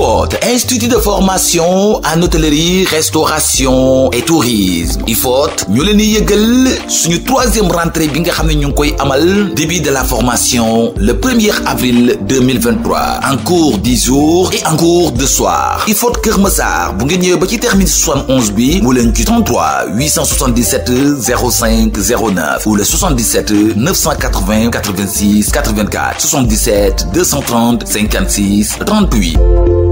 IFOT, Institut de formation en hôtellerie restauration et tourisme IFOT ñu leen di yëgal suñu troisième rentrée bi nga xam ne ñu ngi koy amal début de la formation le 1er avril 2023 en cours du jour et en cours de soir IFOT Kër Massar bu ngeen ñëwee ba ci terminus 71 bi mu leen ci 33 877 05 09 ou le 77 980 86 84 77 230 56 38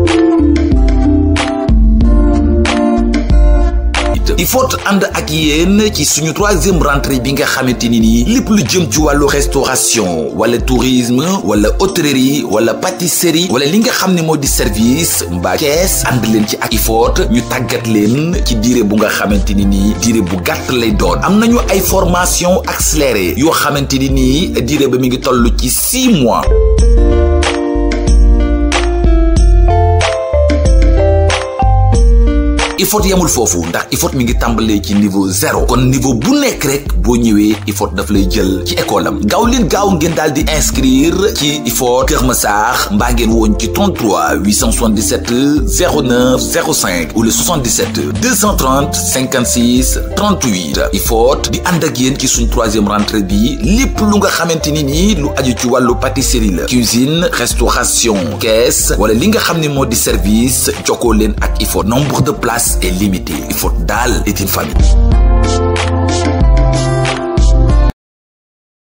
il faut ànd ak yéen ci suñu troisième rentrée bi nga xamante ni nii lépp lu jëm ci wàllu restauration wala tourisme wala hôtellerie wala pâtisserie wala li nga xam ne moo di service mbaa kees ànd leen ci ak il faut ñu tàggat leen ci diire bu nga xamante ni nii diire bu gàtt lay doon am nañu ay formation accélérée yoo xamante ni nii diire ba mi ngi toll ci six mois IFHOT yemul foofu ndax IFHOT mi ngi tàmbalee ci niveau zéro kon niveau bu nekk rek boo ñëwee IFHOT daf lay jël ci école am gaaw leen gaaw ngeen daal di inscrire ci IFHOT Kër Massar mbaa ngeen woon ci 33 877 09 05 ou le 77 230 56 38 IFHOT di ànd ak yéen ci suñ troisième rentrée bi lépp lu nga xamante ni nii lu aju ci wàllu pâtisserie la cuisine restauration caisse wala li nga xam ne moo di service jokkoo leen ak IFHOT nombre de places place est limitée. Il faut daal